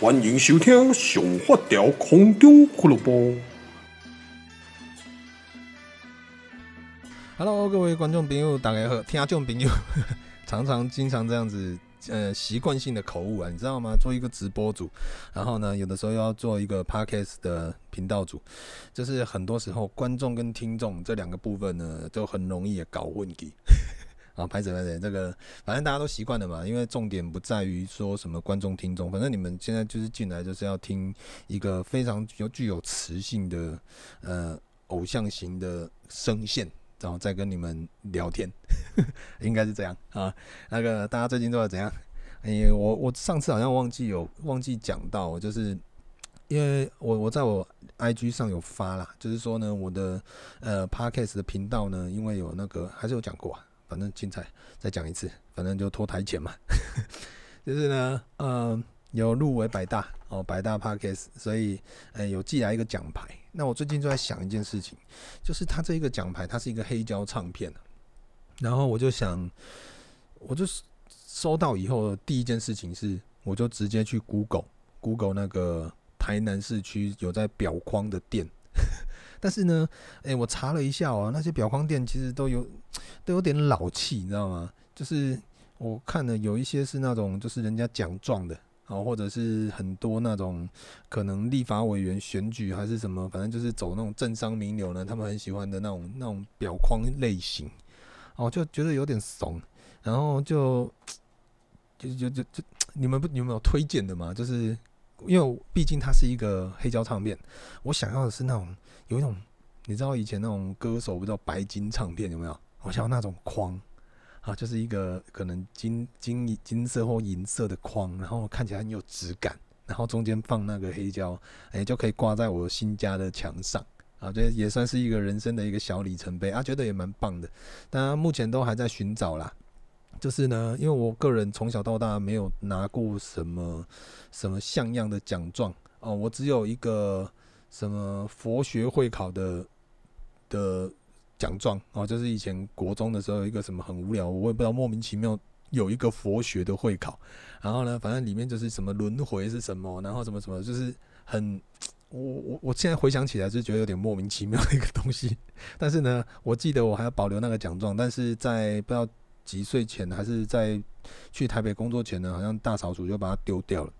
歡迎收聽上發條空中俱樂部。Hello，各位觀眾朋友，大家好！聽啊，聽眾朋友常常經常這樣子，呃，習慣性的口誤啊，你知道嗎？做一個直播組，然後呢，有的時候要做一個 podcast 的頻道組，就是很多時候觀眾跟聽眾這兩個部分呢，就很容易搞混起。啊，拍子、拍子，這個，反正大家都習慣了嘛。因為重點不在於說什麼觀眾、聽眾，反正你們現在就是進來就是要聽一個非常具具有磁性的呃偶像型的聲線，然後再跟你們聊天，呵呵應該是這樣啊。那個大家最近都在怎樣？哎、欸，我我上次好像忘記有忘記講到，就是因為我我在我 IG 上有發啦，就是說呢，我的呃 Podcast 的頻道呢，因為有那個還是有講過啊。反正精彩，再講一次。反正就拖台前嘛，呵呵，就是呢，呃，有入圍百大哦，百大 Podcast，所以呃、欸、有寄來一個獎牌。那我最近就在想一件事情，就是他這一個獎牌，它是一個黑膠唱片。然後我就想，我就收到以後的第一件事情是，我就直接去 Google Google 那個台南市區有在裱框的店。呵呵但是呢，誒，我查了一下哦，那些裱框店其實都有，都有點老氣，你知道嗎？就是我看了有一些是那種，就是人家獎狀的，然後或者是很多那種可能立法委員選舉還是什麼，反正就是走那種政商名流呢，他們很喜歡的那種那種裱框類型，哦，就覺得有點慫，然後就就就就就你們不，你們有推薦的嗎？就是因為畢竟它是一個黑膠唱片，我想要的是那種。有一種，你知道以前那種歌手不知道白金唱片有沒有？我想要那種框，啊，就是一個可能金金金色或銀色的框，然後看起來很有質感，然後中間放那個黑膠，哎，就可以掛在我新家的牆上啊，這也算是一個人生的一個小里程碑啊，覺得也蠻棒的。當然，目前都還在尋找啦。就是呢，因為我個人從小到大沒有拿過什麼什麼像樣的獎狀哦，我只有一個。什麼佛學會考的的獎狀哦，就是以前國中的時候，一個什麼很無聊，我也不知道莫名其妙有一個佛學的會考。然後呢，反正裡面就是什麼輪回是什麼，然後什麼什麼，就是很我我我現在回想起來就覺得有點莫名其妙的一個東西。但是呢，我記得我還要保留那個獎狀，但是在不知道幾歲前，還是在去台北工作前呢，好像大掃除就把它丟掉了。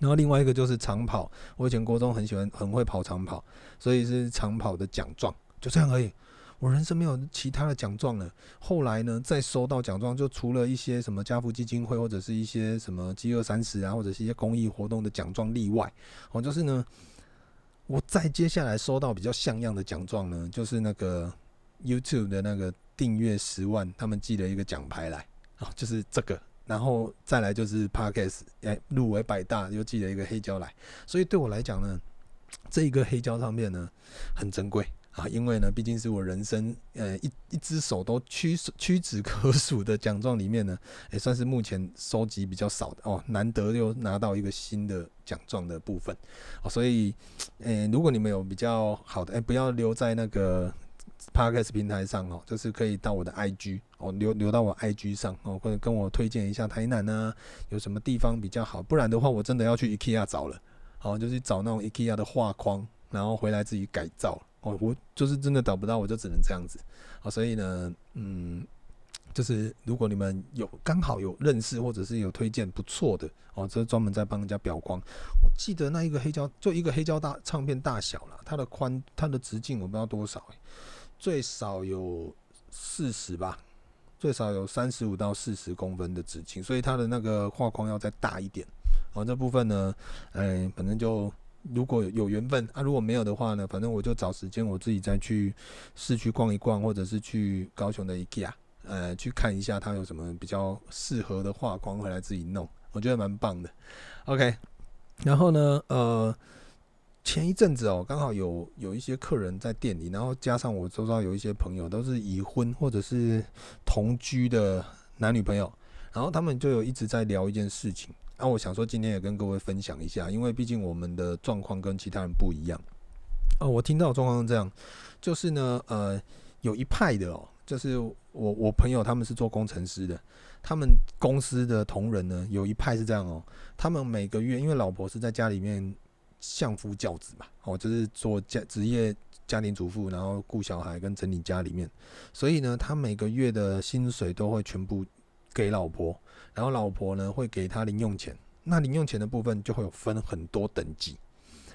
然後另外一個就是長跑，我以前高中很喜歡，很會跑長跑，所以是長跑的獎狀，就這樣而已。我人生沒有其他的獎狀了。後來呢，再收到獎狀，就除了一些什麼家福基金會或者是一些什麼飢餓三十啊，或者是一些公益活動的獎狀例外。哦，就是呢，我再接下來收到比較像樣的獎狀呢，就是那個 YouTube 的那個訂閱十萬，他們寄了一個獎牌來，啊，就是這個。然後再來就是 Podcast 哎，入圍百大，又寄了一個黑膠來，所以對我來講呢，這一個黑膠上面呢很珍貴啊，因為呢畢竟是我人生呃、欸、一一隻手都屈屈，屈指可數的獎狀裡面呢、欸，也算是目前收集比較少的哦、喔，難得又拿到一個新的獎狀的部分哦、喔，所以呃、欸、如果你們有比較好的哎、欸、不要留在那個。Podcast 平台上哦，就是可以到我的 IG 哦，留留到我 IG 上哦，或者跟我推薦一下台南呢、啊，有什麼地方比較好？不然的話，我真的要去 IKEA 找了，哦，就是找那種 IKEA 的畫框，然後回來自己改造哦。我就是真的找不到，我就只能這樣子。好、哦，所以呢，嗯，就是如果你們有剛好有認識，或者是有推薦不錯的哦，就專門在幫人家裱框。我記得那一個黑膠，就一個黑膠大唱片大小了，它的寬，它的直徑我不知道多少、欸最少有四十吧，最少有三十五到四十公分的直徑，所以它的那個畫框要再大一點。然後這部分呢，哎，反正就如果有緣分啊，如果沒有的話呢，反正我就找時間我自己再去市區逛一逛，或者是去高雄的 IKEA 呃，去看一下它有什麼比較適合的畫框回來自己弄，我覺得蠻棒的。OK，然後呢，呃。前一陣子哦，剛好有有一些客人在店裡，然後加上我周遭有一些朋友都是已婚或者是同居的男女朋友，然後他們就有一直在聊一件事情。啊我想說，今天也跟各位分享一下，因為畢竟我們的狀況跟其他人不一樣。哦，我聽到的狀況是這樣，就是呢，呃，有一派的哦，就是我我朋友他們是做工程師的，他們公司的同仁呢，有一派是這樣哦，他們每個月因為老婆是在家裡面。相夫教子嘛，哦，就是做家職業家庭主婦，然後顧小孩跟整理家裡面，所以呢，他每個月的薪水都會全部給老婆，然後老婆呢會給他零用錢，那零用錢的部分就會有分很多等級，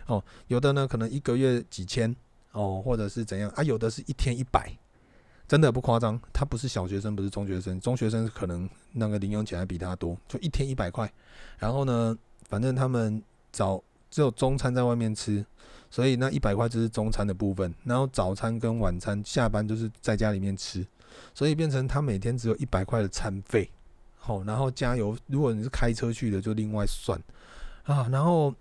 哦，有的呢可能一個月幾千，哦，或者是怎樣啊，有的是一天一百，真的不誇張，他不是小學生，不是中學生，中學生可能那個零用錢還比他多，就一天一百塊，然後呢，反正他們找。只有中餐在外面吃，所以那一百塊就是中餐的部分。然後早餐跟晚餐下班就是在家裡面吃，所以變成他每天只有一百塊的餐費。好，然後加油，如果你是開車去的就另外算啊。然後，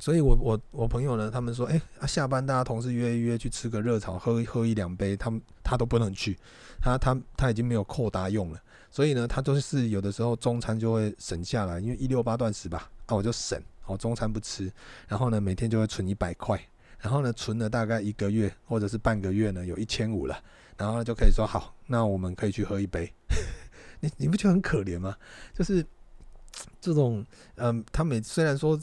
所以我我我朋友呢，他們說，哎，下班大家同事約一約去吃個熱炒，喝一喝一兩杯，他們他都不能去，他他他已經沒有扣搭用了。所以呢，他就是有的時候中餐就會省下來，因為一六八斷食吧，啊，我就省。哦，中餐不吃，然後呢，每天就會存一百塊，然後呢，存了大概一個月或者是半個月呢，有一千五了，然後呢就可以說好，那我們可以去喝一杯。 你你不覺得很可憐嗎？就是這種，嗯，他每雖然說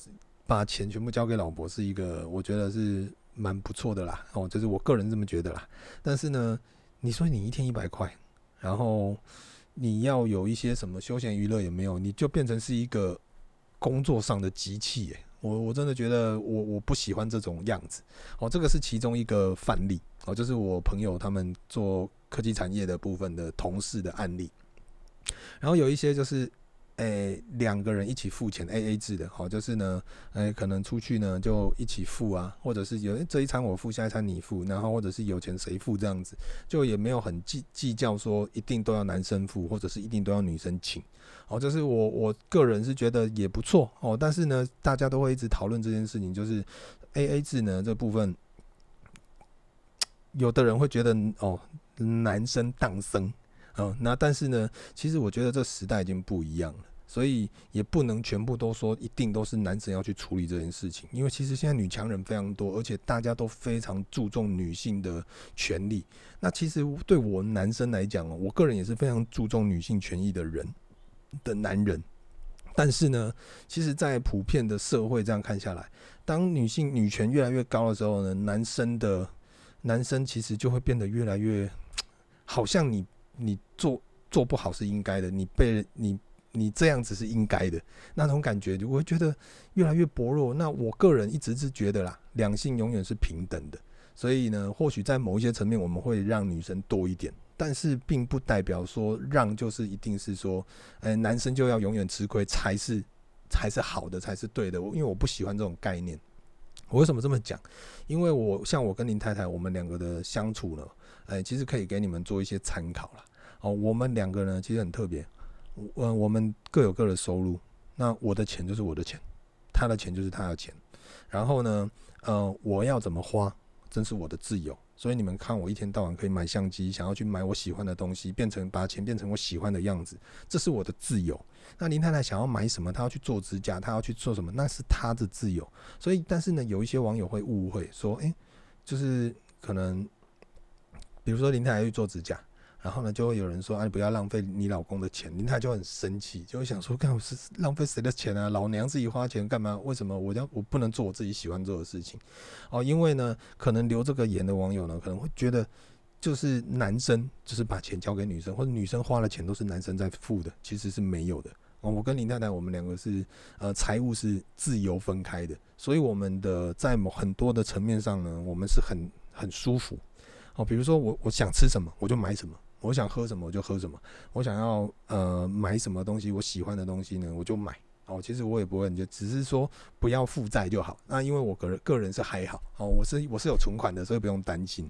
把錢全部交給老婆是一個，我覺得是蠻不錯的啦。哦，就是我個人這麼覺得啦。但是呢，你說你一天一百塊，然後你要有一些什麼休閒娛樂也沒有，你就變成是一個。工作上的機器。欸，我我真的覺得我我不喜歡這種樣子。哦，這個是其中一個範例，哦，就是我朋友他們做科技產業的部分的同事的案例。然後有一些就是。哎，兩、欸、個人一起付錢，A A 制的，好、哦，就是呢，誒、欸，可能出去呢就一起付啊，或者是有、欸、這一餐我付，下一餐你付，然後或者是有錢誰付這樣子，就也沒有很計計較說一定都要男生付，或者是一定都要女生請，好、哦，就是我我個人是覺得也不錯哦，但是呢，大家都會一直討論這件事情，就是 A A 制呢這部分，有的人會覺得哦，男生當生。嗯，那但是呢，其實我覺得這時代已經不一樣了，所以也不能全部都說一定都是男生要去處理這件事情，因為其實現在女強人非常多，而且大家都非常注重女性的權利。那其實對我男生來講喔，我個人也是非常注重女性權益的人的男人。但是呢，其實，在普遍的社會這樣看下來，當女性女權越來越高的時候呢，男生的男生其實就會變得越來越好像你。你做，做不好是應該的，你被你你這樣子是應該的，那種感覺我覺得越來越薄弱。那我個人一直是覺得啦，兩性永遠是平等的。所以呢，或許在某一些層面，我們會讓女生多一點，但是並不代表說讓就是一定是說，欸，男生就要永遠吃虧才是才是好的，才是對的。我因為我不喜歡這種概念。我為什麼這麼講？因為我像我跟林太太，我們兩個的相處呢？哎，其實可以給你們做一些參考了。哦，我們兩個人其實很特別，我我們各有各的收入。那我的錢就是我的錢，他的錢就是他的錢。然後呢，呃，我要怎麼花，真是我的自由。所以你們看，我一天到晚可以買相機，想要去買我喜歡的東西，變成把錢變成我喜歡的樣子，這是我的自由。那林太太想要買什麼，她要去做指甲，她要去做什麼，那是她的自由。所以，但是呢，有一些網友會誤會說，哎，就是可能。比如說林太太去做指甲，然後呢就會有人說啊，你不要浪費你老公的錢。林太太就很生氣，就會想說，幹我是浪費誰的錢啊？老娘自己花錢幹嘛？為什麼我要我不能做我自己喜歡做的事情？哦，因為呢，可能留這個言的網友呢，可能會覺得就是男生就是把錢交給女生，或者女生花的錢都是男生在付的，其實是沒有的。哦，我跟林太太我們兩個是呃財務是自由分開的，所以我們的在某很多的層面上呢，我們是很很舒服。哦，比如說我我想吃什麼，我就買什麼；我想喝什麼，我就喝什麼；我想要呃買什麼東西，我喜歡的東西呢，我就買。哦，其實我也不會，就只是說不要負債就好。那因為我個人個人是還好，哦，我是我是有存款的，所以不用擔心。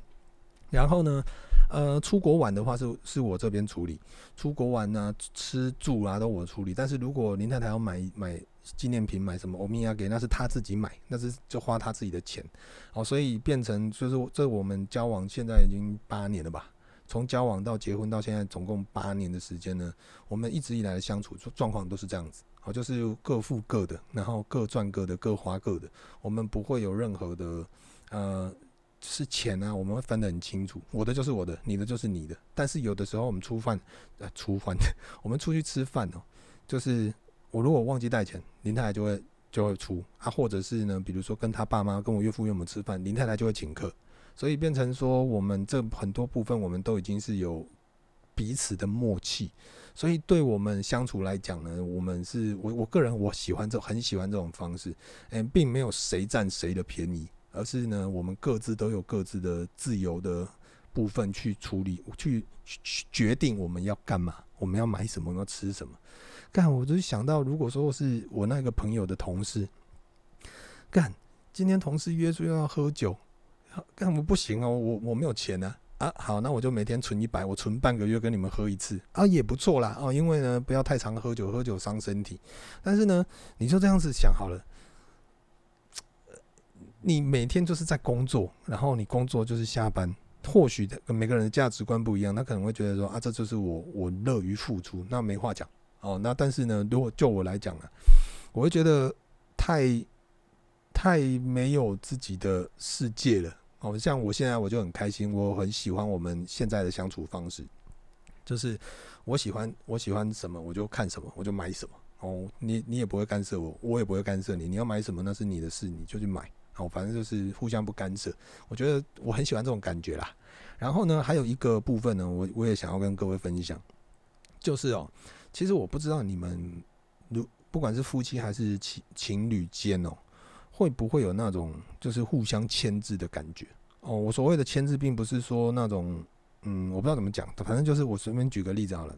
然後呢，呃，出國玩的話是是我這邊處理，出國玩呢、啊，吃住啊都我處理。但是如果林太太要買買紀念品、買什麼歐米亞給，那是她自己買，那是就花她自己的錢。好，所以變成就是這我們交往現在已經八年了吧？從交往到結婚到現在，總共八年的時間呢，我們一直以來的相處狀況都是這樣子。好，就是各付各的，然後各賺各的，各花各的，我們不會有任何的呃。是錢啊，我們會分得很清楚，我的就是我的，你的就是你的。但是有的時候我們吃飯，啊，吃飯，我們出去吃飯哦，就是我如果忘記帶錢，林太太就會就會出啊，或者是呢，比如說跟他爸媽、跟我岳父岳母吃飯，林太太就會請客，所以變成說我們這很多部分我們都已經是有彼此的默契，所以對我們相處來講呢，我們是我我個人我喜歡這很喜歡這種方式，嗯，並沒有誰佔誰的便宜。而是呢，我們各自都有各自的自由的部分去處理、去決定我們要幹嘛，我們要買什麼，我們要吃什麼。幹，我就想到，如果說我是我那個朋友的同事，幹，今天同事約出要喝酒，幹，我不行哦、喔，我我沒有錢啊啊，好，那我就每天存一百，我存半個月跟你們喝一次啊，也不錯啦啊、喔，因為呢，不要太常喝酒，喝酒傷身體。但是呢，你就這樣子想好了。你每天就是在工作，然後你工作就是下班。或許的每個人的價值觀不一樣，他可能會覺得說啊，這就是我，我樂於付出，那沒話講哦。那但是呢，如果就我來講了，啊，我會覺得太太沒有自己的世界了哦。像我現在我就很開心，我很喜歡我們現在的相處方式，就是我喜歡我喜歡什麼我就看什麼我就買什麼哦。你你也不會干涉我，我也不會干涉你。你要買什麼那是你的事，你就去買。哦，反正就是互相不干涉，我覺得我很喜歡這種感覺啦。然後呢，還有一個部分呢，我我也想要跟各位分享，就是哦、喔，其實我不知道你們，如不管是夫妻還是情情侶間哦，會不會有那種就是互相牽制的感覺？哦，我所謂的牽制，並不是說那種，嗯，我不知道怎麼講，反正就是我隨便舉個例子好了。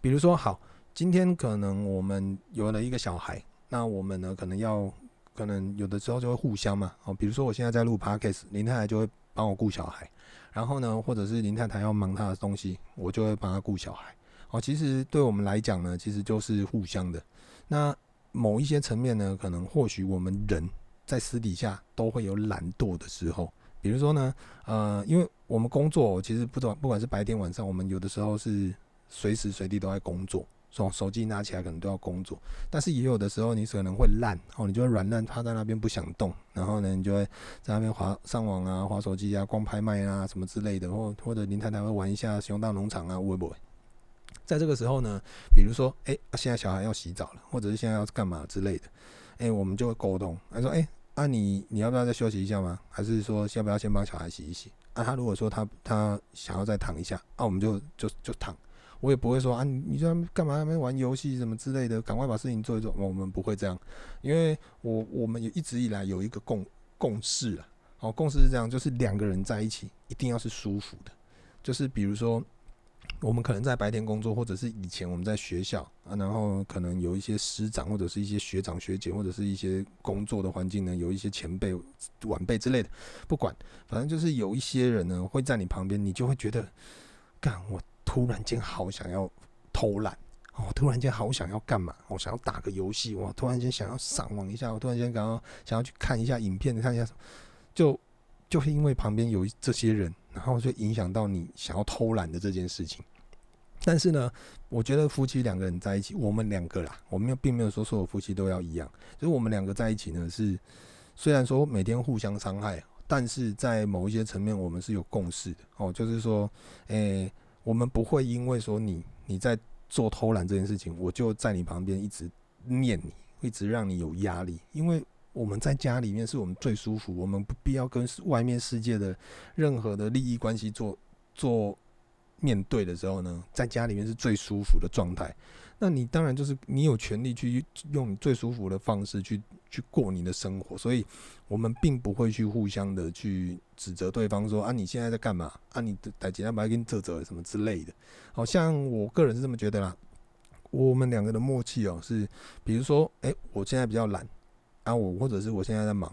比如說，好，今天可能我們有了一個小孩，那我們呢，可能要。可能有的時候就會互相嘛，哦，比如說我現在在錄 podcast，林太太就會幫我顧小孩，然後呢，或者是林太太要忙她的東西，我就會幫她顧小孩。哦，其實對我們來講呢，其實就是互相的。那某一些層面呢，可能或許我們人在私底下都會有懶惰的時候，比如說呢，呃，因為我們工作其實不管不管是白天晚上，我們有的時候是隨時隨地都在工作。從手機拿起來可能都要工作，但是也有的時候你可能會爛，哦，你就會軟爛，趴在那邊不想動，然後呢，你就會在那邊滑上網啊，滑手機啊，逛拍賣啊，什麼之類的，或或者林太太會玩一下熊大農場啊，會不會？在這個時候呢，比如說，哎，現在小孩要洗澡了，或者是現在要幹嘛之類的，哎，我們就會溝通，他說，哎，那你你要不要再休息一下嗎？還是說要不要先幫小孩洗一洗？啊，他如果說他他想要再躺一下，啊，我們就就就躺。我也不會說啊，你這樣幹嘛？沒玩遊戲什麼之類的，趕快把事情做一做。我們不會這樣，因為我我們一直以來有一個共共識了。好，共識是這樣，就是兩個人在一起一定要是舒服的。就是比如說，我們可能在白天工作，或者是以前我們在學校啊，然後可能有一些師長或者是一些學長學姐，或者是一些工作的環境呢，有一些前輩晚輩之類的，不管，反正就是有一些人呢會在你旁邊，你就會覺得干我。突然間好想要偷懶哦！突然間好想要幹嘛？我、哦、想要打個遊戲，我突然間想要上網一下，我突然間想要想要去看一下影片，看一下。就就是因為旁邊有這些人，然後就影響到你想要偷懶的這件事情。但是呢，我覺得夫妻兩個人在一起，我們兩個啦，我們並沒有說所有夫妻都要一樣。就我們兩個在一起呢，是雖然說每天互相傷害，但是在某一些層面，我們是有共識的哦。就是說，誒、欸。我們不會因為說，你你在做偷懶這件事情，我就在你旁邊一直念你，一直讓你有壓力。因為我們在家裡面是我們最舒服，我們不必要跟外面世界的任何的利益關係做做。做面對的時候呢，在家裡面是最舒服的狀態。那你當然就是你有權利去用最舒服的方式去去過你的生活。所以，我們並不會去互相的去指責對方說啊，你現在在幹嘛？啊，你林太太跟澤澤什麼之類的。好像我個人是這麼覺得啦。我們兩個的默契哦、喔，是比如說，哎，我現在比較懶啊，我或者是我現在在忙，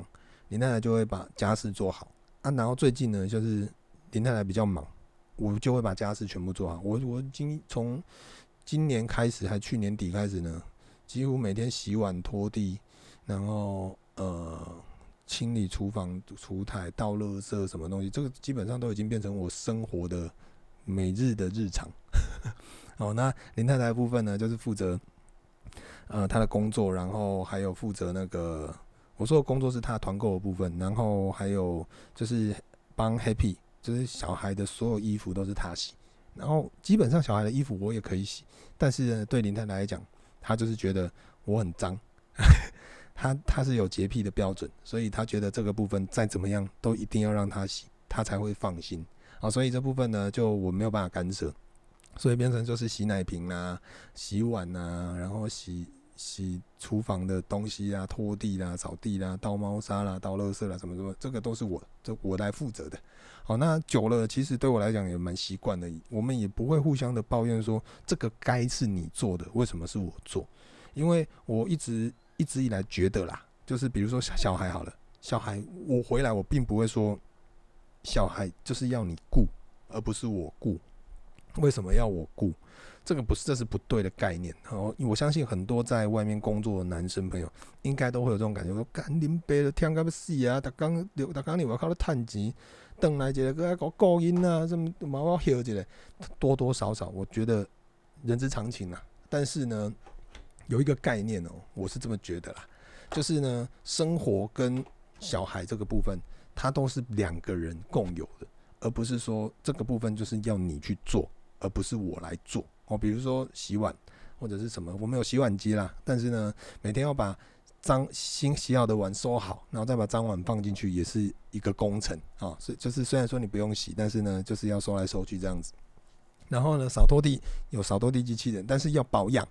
林太太就會把家事做好啊。然後最近呢，就是林太太比較忙。我就會，把家事全部做好我。我我已經從今年開始，還去年底開始呢，幾乎每天洗碗、拖地，然後呃清理廚房、廚檯、倒垃圾什麼東西，這個基本上都已經變成我生活的每日的日常、 哦。好，那林太太的部分呢，就是負責呃她的工作，然後還有負責那個我說的工作是她團購的部分，然後還有就是幫 Happy。就是小孩的所有衣服都是他洗，然後基本上小孩的衣服我也可以洗，但是呢對林太太來講，她就是覺得我很髒，她她是有潔癖的標準，所以她覺得這個部分再怎麼樣都一定要讓他洗，他才會放心。好，所以這部分呢，就我沒有辦法干涉，所以變成就是洗奶瓶啊、洗碗啊，然後洗。洗廚房的東西啊，拖地啦、啊，掃地啦、啊，倒貓砂啦，倒垃圾啦、啊，什麼什麼，這個都是我，這我來負責的。好，那久了，其實對我來講也蠻習慣的。我們也不會互相的抱怨說，這個該是你做的，為什麼是我做？因為我一直一直以來覺得啦，就是比如說小，小孩好了，小孩我回來，我並不會說小孩就是要你顧，而不是我顧。為什麼要我顧？這個不是，這是不對的概念。然、哦、我相信很多在外面工作的男生朋友，應該都會有這種感覺：說幹林北都聽個要死啊！大剛、大剛你外靠他趁錢，鄧來一個歌高音啊，這麼毛笑這個，多多少少，我覺得人之常情啊。但是呢，有一個概念哦，我是這麼覺得啦，就是呢，生活跟小孩這個部分，它都是兩個人共有的，而不是說這個部分就是要你去做。而不是我來做哦，比如說洗碗或者是什麼，我們有洗碗機啦，但是呢，每天要把髒新洗好的碗收好，然後再把髒碗放進去，也是一個工程啊、哦。是就是雖然說你不用洗，但是呢，就是要收來收去這樣子。然後呢，掃拖地有掃拖地機器人，但是要保養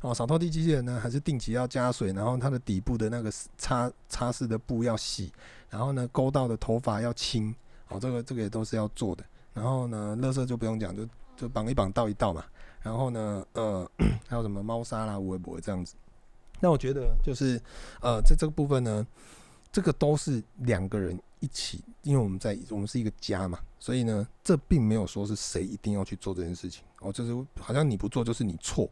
哦。掃拖地機器人呢，還是定期要加水，然後它的底部的那個擦擦拭的布要洗，然後呢，勾到的頭髮要清哦。這個這個也都是要做的。然後呢，垃圾就不用講就。就綁一綁，倒一倒嘛。然後呢，呃，還有什麼貓砂啦、圍脖這樣子。那我覺得就是，呃，在這個部分呢，這個都是兩個人一起，因為我們在我們是一個家嘛，所以呢，這並沒有說是誰一定要去做這件事情。哦，就是好像你不做就是你錯。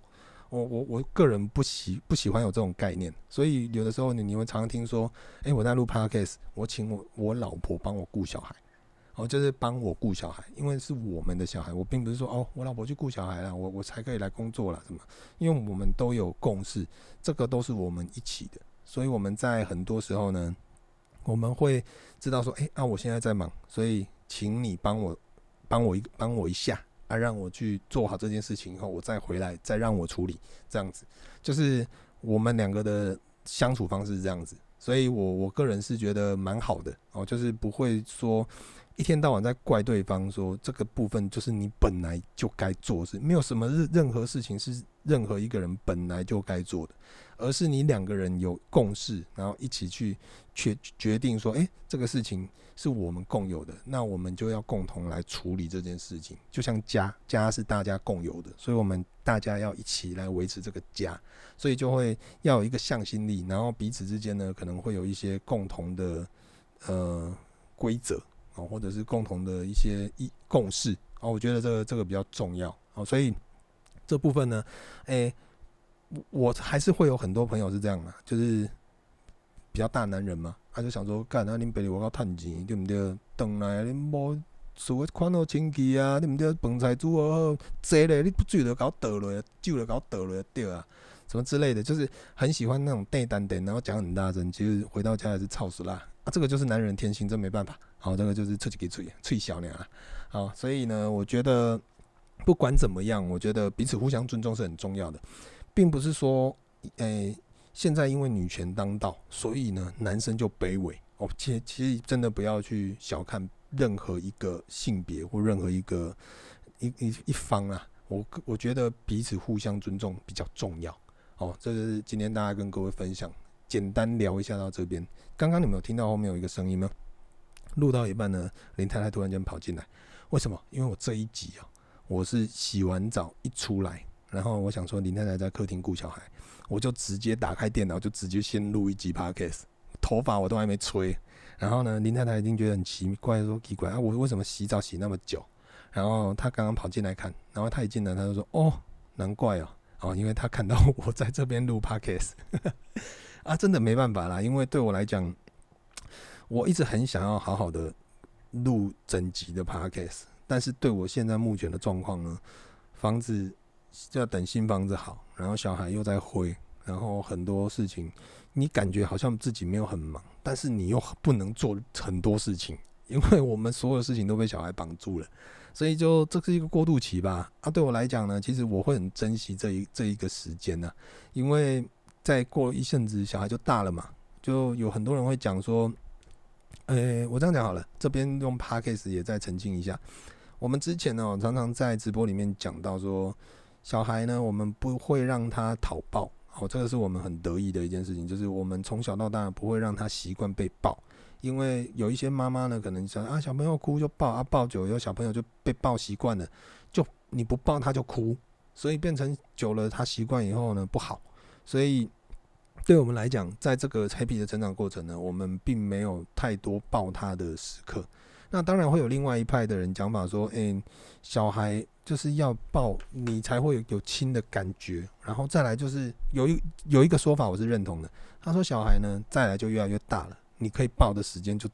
我我我個人不喜不喜歡有這種概念，所以有的時候你你會常常聽說，欸，我在錄 podcast，我請我我老婆幫我顧小孩。哦，就是幫我顧小孩，因為是我們的小孩，我並不是說哦，我老婆去顧小孩了，我我才可以來工作了，怎麼？因為我們都有共識，這個都是我們一起的，所以我們在很多時候呢，我們會知道說，哎、欸，啊，我現在在忙，所以請你幫我，幫我一幫我一下啊，讓我去做好這件事情以後，我再回來，再讓我處理，這樣子，就是我們兩個的相處方式是這樣子。所以我，我我個人是覺得蠻好的哦，就是不會說一天到晚在怪對方說，說這個部分就是你本來就該做事，是沒有什麼任任何事情是任何一個人本來就該做的，而是你兩個人有共識，然後一起去去決，決定說，誒、欸，這個事情是我們共有的，那我們就要共同來處理這件事情。就像家，家是大家共有的，所以我們。大家要一起來維持這個家，所以就會要有一個向心力，然後彼此之間呢可能會有一些共同的呃規則啊，或者是共同的一些一共識啊、哦。我覺得這個這個比較重要啊、哦。所以這部分呢，誒，我還是會有很多朋友是這樣的、啊，就是比較大男人嘛、啊，他就想說幹，那你別里我要探你，對不對？等來你。」所謂款哦，親戚啊，你唔得飯菜煮好好，坐嘞，你不醉就搞倒落，酒就搞倒落，對啊，什麼之類的，就是很喜歡那種內單的，然後講很大聲，其實回到家也是吵死啦，啊，這個就是男人天性，真沒辦法。好，這個就是自己給自己吹，吹小量啊，好，所以呢，我覺得不管怎麼樣，我覺得彼此互相尊重是很重要的，並不是說，誒，現在因為女權當道，所以呢，男生就卑微。哦，其其實真的不要去小看。任何一個性別或任何一個一一一,一方啊我，我我覺得彼此互相尊重比較重要。哦，這是今天大家跟各位分享，簡單聊一下到這邊。剛剛你們有聽到後面有一個聲音嗎？錄到一半呢，林太太突然間跑進來，為什麼？因為我這一集啊、喔，我是洗完澡一出來，然後我想說林太太在客廳顧小孩，我就直接打開電腦就直接先錄一集 Podcast，頭髮我都還沒吹。然後呢，林太太一定覺得很奇怪，說奇怪啊，我為什麼洗澡洗那麼久？然後她剛剛跑進來看，然後她一進來，她就說：“哦，難怪、啊、哦，哦，因為她看到我在這邊錄 podcast，啊，真的沒辦法啦，因為對我來講，我一直很想要好好的錄整集的 podcast，但是對我現在目前的狀況呢，房子要等新房子好，然後小孩又在灰，然後很多事情。”你感覺好像自己沒有很忙，但是你又不能做很多事情，因為我們所有事情都被小孩綁住了，所以就這是一個過渡期吧。啊，對我來講呢，其實我會很珍惜這一這一個時間呢，因為再過一陣子小孩就大了嘛，就有很多人會講說，呃，我這樣講好了，這邊用 podcast 也再澄清一下，我們之前呢，我常常在直播裡面講到說，小孩呢，我們不會讓他討抱。哦，這個是我們很得意的一件事情，就是我們從小到大不會讓他習慣被抱，因為有一些媽媽呢，可能說啊，小朋友哭就抱啊，抱久了小朋友就被抱習慣了，就你不抱他就哭，所以變成久了他習慣以後呢不好，所以對我們來講，在這個 Happy 的成長過程呢，我們並沒有太多抱他的時刻。那當然會有另外一派的人講法說，哎，小孩就是要抱你才會有有親的感覺。然後再來就是有一有一個說法我是認同的，他說小孩呢再來就越來越大了，你可以抱的時間就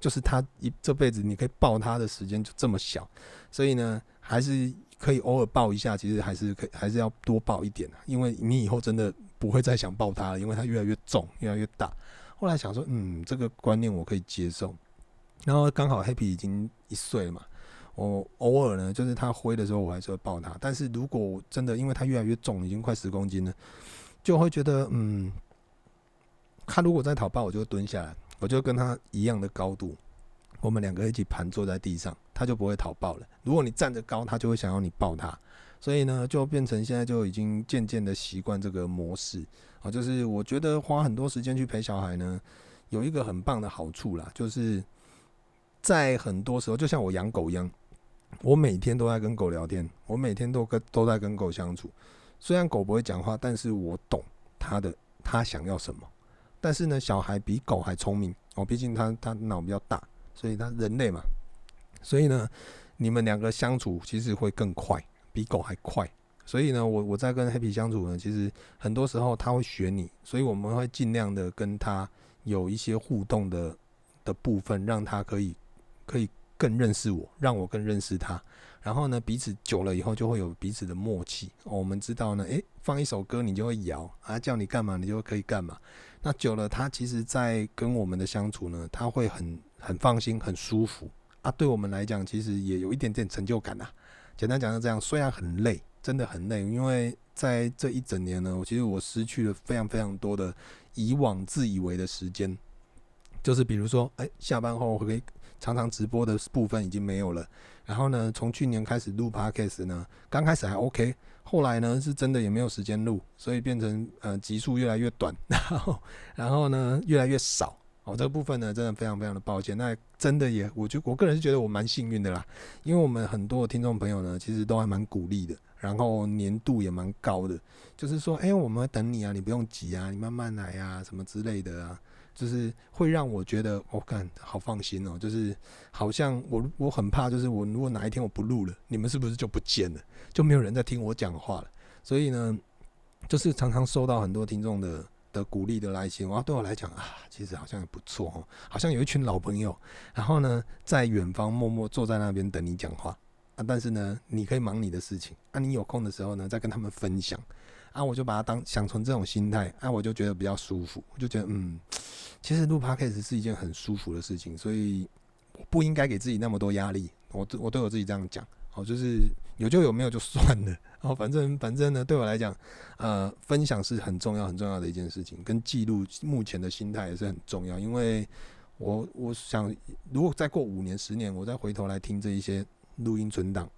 就是他一這輩子你可以抱他的時間就這麼小，所以呢還是可以偶爾抱一下，其實還是可以還是要多抱一點，因為你以後真的不會再想抱他了，因為他越來越重越來越大。後來想說，嗯，這個觀念我可以接受。然後剛好 Happy 已經一歲了嘛，我偶爾呢，就是他灰的時候，我還是會抱他，但是如果真的因為他越來越重，已經快十公斤了，就會覺得嗯，他如果再討抱，我就蹲下來，我就跟他一樣的高度，我們兩個一起盤坐在地上，他就不會討抱了。如果你站得高，他就會想要你抱他，所以呢，就變成現在就已經漸漸的習慣這個模式啊，就是我覺得花很多時間去陪小孩呢，有一個很棒的好處啦，就是。在很多時候，就像我養狗一樣，我每天都在跟狗聊天，我每天都跟都在跟狗相處。雖然狗不會講話，但是我懂它的，它想要什麼。但是呢，小孩比狗還聰明哦，畢竟他他腦比較大，所以他人類嘛，所以呢，你們兩個相處其實會更快，比狗還快。所以呢，我我在跟 Happy 相處呢，其實很多時候他會學你，所以我們會盡量的跟他有一些互動的的部分，讓他可以。可以更認識我，讓我更認識他。然後呢，彼此久了以後就會有彼此的默契。我們知道呢，誒，放一首歌你就會搖，啊，叫你幹嘛你就可以幹嘛。那久了，他其實在跟我們的相處呢，他會很很放心、很舒服啊。對我們來講，其實也有一點點成就感啊。簡單講到這樣，雖然很累，真的很累，因為在這一整年呢，我其實我失去了非常非常多的以往自以為的時間，就是比如說、欸，下班後我會。常常直播的部分已經沒有了，然後呢，從去年開始錄 podcast 呢，剛開始還 OK，後來呢是真的也沒有時間錄，所以變成呃集數越來越短，然後然後呢越來越少哦、喔，這個部分呢真的非常非常的抱歉。那真的也，我就我個人是覺得我蠻幸運的啦，因為我們很多的聽眾朋友呢，其實都還蠻鼓勵的，然後黏度也蠻高的，就是說，誒，我們等你啊，你不用急啊，你慢慢來啊，什麼之類的啊。就是會讓我覺得，我、哦、看好放心哦。就是好像我我很怕，就是我如果哪一天我不錄了，你們是不是就不見了，就沒有人在聽我講話了？所以呢，就是常常收到很多聽眾的的鼓勵的來信，哇、啊，對我來講啊，其實好像也不錯哦，好像有一群老朋友，然後呢，在遠方默默坐在那邊等你講話啊。但是呢，你可以忙你的事情，啊，你有空的時候呢，再跟他們分享。啊，我就把它當想成這種心態，啊，我就覺得比較舒服，我就覺得嗯，其實錄 Podcast 是一件很舒服的事情，所以不應該給自己那麼多壓力，我我對我自己這樣講，哦，就是有就有，沒有就算了，哦，反正反正呢，對我來講，呃，分享是很重要很重要的一件事情，跟記錄目前的心態也是很重要，因為我我想，如果再過五年十年，我再回頭來聽這一些錄音存檔，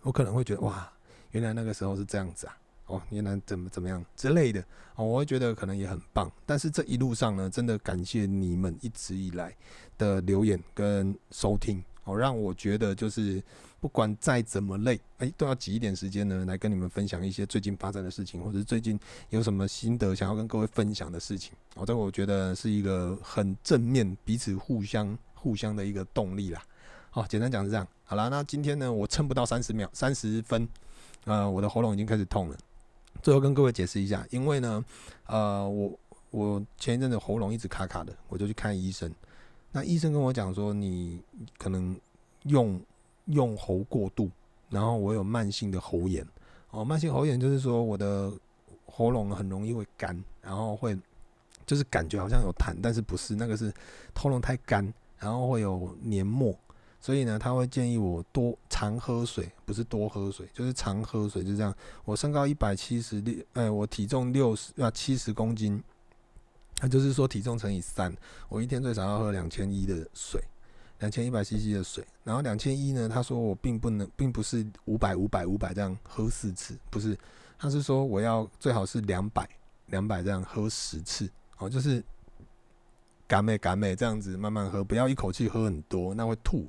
我可能會覺得哇，原來那個時候是這樣子啊。哦，原來怎麼怎麼樣之類的哦，我會覺得可能也很棒。但是這一路上呢，真的感謝你們一直以來的留言跟收聽哦，讓我覺得就是不管再怎麼累，哎、欸，都要擠一點時間呢來跟你們分享一些最近發生的事情，或者是最近有什麼心得想要跟各位分享的事情哦。這個、我覺得是一個很正面，彼此互相互相的一個動力啦。好、哦，簡單講是這樣。好啦，那今天呢，我撐不到三十秒，三十分，啊、呃，我的喉嚨已經開始痛了。最後跟各位解釋一下，因為呢，呃，我我前一陣子喉嚨一直卡卡的，我就去看醫生。那醫生跟我講說，你可能用用喉過度，然後我有慢性的喉炎。哦，慢性喉炎就是說我的喉嚨很容易會乾，然後會就是感覺好像有痰，但是不是那個是喉嚨太乾，然後會有黏膜。所以呢，他會建議我多常喝水，不是多喝水，就是常喝水，就這樣。我身高一百七十六，哎，我體重六十啊七十公斤，他就是說體重乘以三，我一天最少要喝兩千一的水，兩千一百 CC 的水。然後兩千一呢，他說我並不能，並不是五百五百五百這樣喝四次，不是，他是說我要最好是兩百兩百這樣喝十次，哦，就是，趕美趕美這樣子慢慢喝，不要一口氣喝很多，那會吐。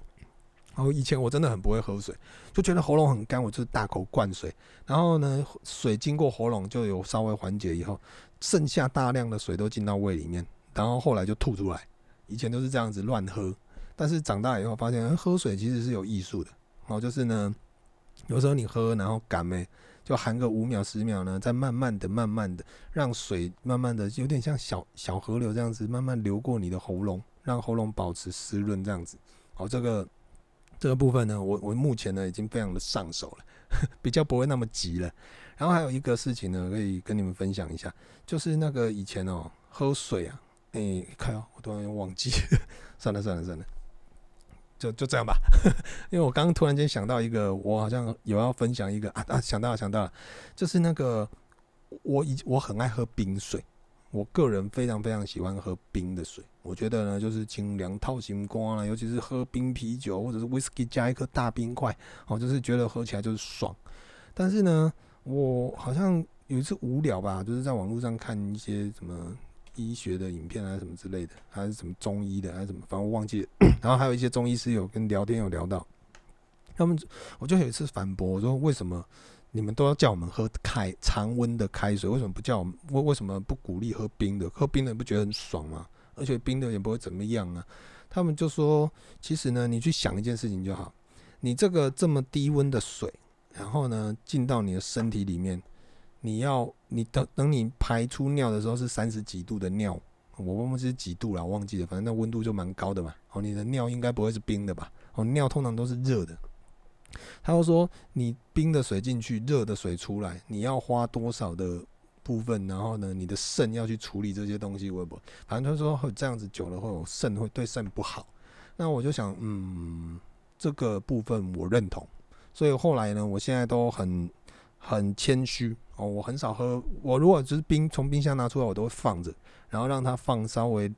然後以前我真的很不會喝水，就覺得喉嚨很乾，我就是大口灌水。然後呢，水經過喉嚨就有稍微緩解，以後剩下大量的水都進到胃裡面，然後後來就吐出來。以前都是這樣子亂喝，但是長大以後發現喝水其實是有藝術的。好，就是呢，有時候你喝然後趕哎，就含個五秒、十秒呢，再慢慢的、慢慢的讓水慢慢的有點像小小河流這樣子，慢慢流過你的喉嚨，讓喉嚨保持濕潤這樣子。好，這個。這個部分呢，我我目前呢已經非常的上手了，比較不會那麼急了。然後還有一個事情呢，可以跟你們分享一下，就是那個以前哦、喔、喝水啊，欸、哎，看哦，我突然忘記，算了算了算了，就就這樣吧。因為我剛突然間想到一個，我好像有要分享一個啊啊，想到了想到了，就是那個我以我很愛喝冰水。我個人非常非常喜歡喝冰的水，我覺得呢，就是清涼、透心、光啊，尤其是喝冰啤酒或者是 whisky 加一顆大冰塊，哦，就是覺得喝起來就是爽。但是呢，我好像有一次無聊吧，就是在網絡上看一些什麼醫學的影片啊，什麼之類的，還是什麼中醫的，還是什麼，反正我忘記了。然後還有一些中醫師有跟聊天有聊到，他們我就有一次反駁我說，為什麼？你們都要叫我們喝開常溫的開水，為什麼不叫我們？為為什麼不鼓勵喝冰的？喝冰的不覺得很爽嗎？而且冰的也不會怎麼樣啊。他們就說，其實呢，你去想一件事情就好，你這個這麼低溫的水，然後呢，進到你的身體裡面，你要你等等你排出尿的時候是三十幾度的尿，我忘記是幾度了，我忘記了，反正那溫度就蠻高的嘛。哦，你的尿應該不會是冰的吧？哦，尿通常都是熱的。他會說：“你冰的水進去，熱的水出來，你要花多少的部分？然後呢，你的腎要去處理這些東西，我也不，反正他說這樣子久了會有腎，會對腎不好。”那我就想，嗯，這個部分我認同。所以後來呢，我現在都很很謙虛哦，我很少喝。我如果就是冰從冰箱拿出來，我都會放着，然後讓它放稍微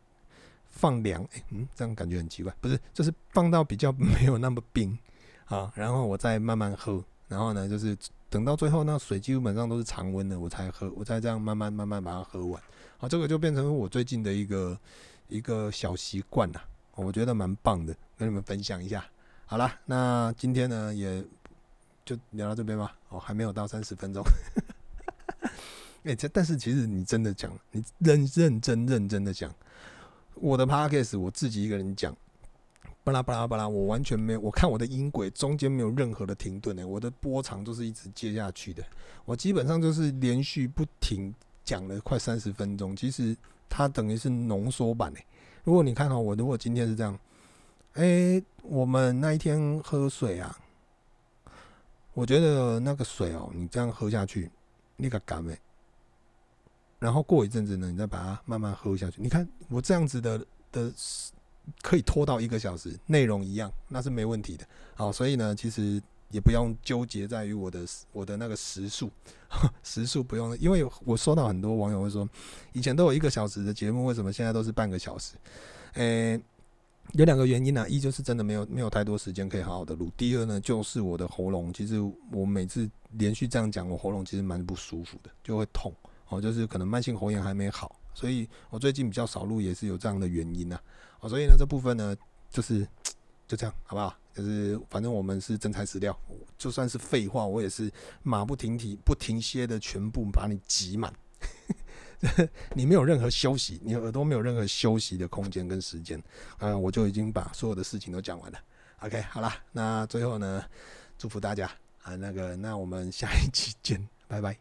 放涼，欸。嗯，這樣感覺很奇怪，不是？就是放到比較沒有那麼冰。好，然後我再慢慢喝，然後呢，就是等到最後那水基本上都是常溫的，我才喝，我再這樣慢慢慢慢把它喝完。好，這個就變成我最近的一個一個小習慣了，我覺得蠻棒的，跟你們分享一下。好啦，那今天呢也就聊到這邊吧。哦，還沒有到三十分鐘。哎、 欸，這但是其實你真的講，你認認真認真的講，我的 Podcast，我自己一個人講。巴拉巴拉巴拉，我完全沒有，我看我的音軌中間沒有任何的停頓、欸、我的波長都是一直接下去的，我基本上就是連續不停講了快三十分鐘，其實它等於是濃縮版的、欸、如果你看好，我如果今天是這樣，哎，我們那一天喝水啊，我覺得那個水哦、喔，你這樣喝下去，那個乾哎，然後過一陣子呢，你再把它慢慢喝下去，你看我這樣子的的。可以拖到一個小時，內容一樣，那是沒問題的。好、哦，所以呢，其實也不用糾結在於我的我的那個時數，時數不用，因為我收到很多網友會說，以前都有一個小時的節目，為什麼現在都是半個小時？誒、欸，有兩個原因呢、啊、一就是真的沒有沒有太多時間可以好好的錄，第二呢，就是我的喉嚨，其實我每次連續這樣講，我喉嚨其實蠻不舒服的，就會痛，哦，就是可能慢性喉炎還沒好。所以我最近比較少錄，也是有這樣的原因吶、啊。哦，所以呢，這部分呢，就是就這樣，好不好？就是反正我們是真材實料，就算是廢話，我也是馬不停蹄、不停歇的，全部把你擠滿。你沒有任何休息，你耳朵沒有任何休息的空間跟時間。嗯，我就已經把所有的事情都講完了。OK，好啦，那最後呢，祝福大家啊，那個，那我們下一期見，拜拜。